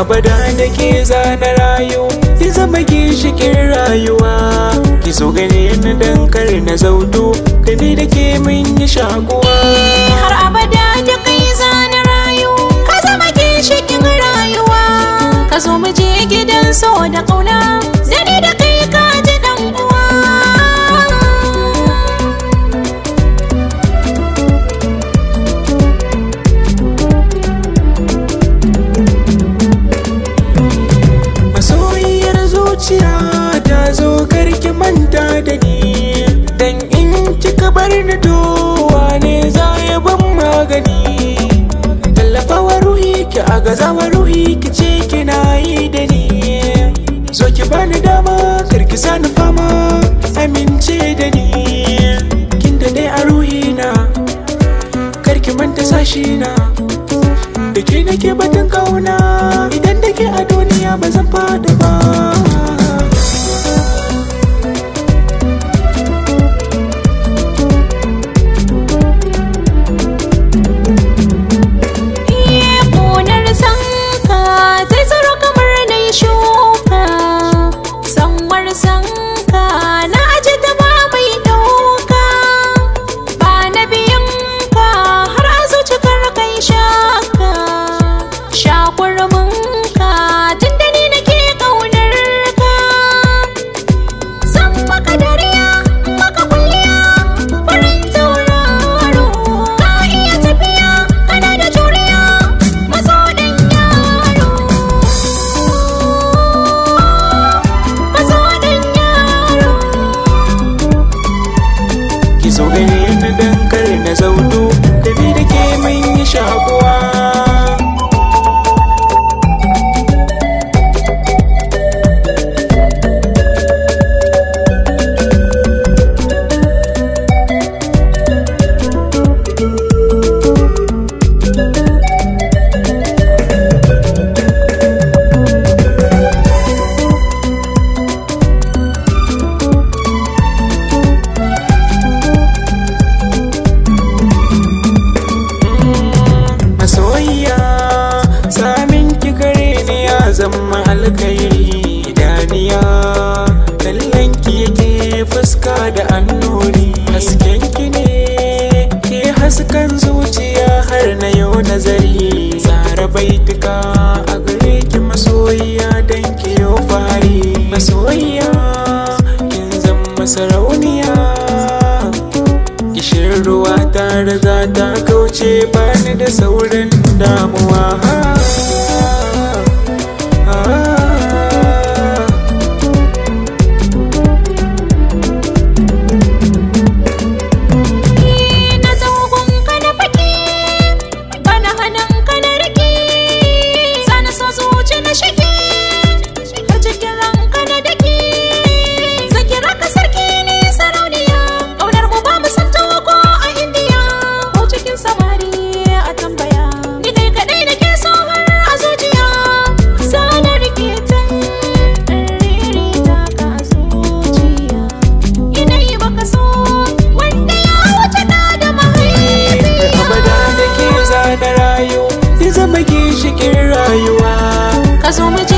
abada da ke zana rayu ki zama gishikin rayuwa ki so gare dankar dankar na zautu gani da ke mun yi shakuwa gazawar ruhi zama alkairi daniya kallon ki yake fuska da annori. hasken ki ne ke haskan zuciya har na yau nazari tsara baituka a gare ki masoyiya don ki yau fari masoyiya kin zama sarauniya kishin ruwa tare za ta kauce bani da sauran damuwa As always.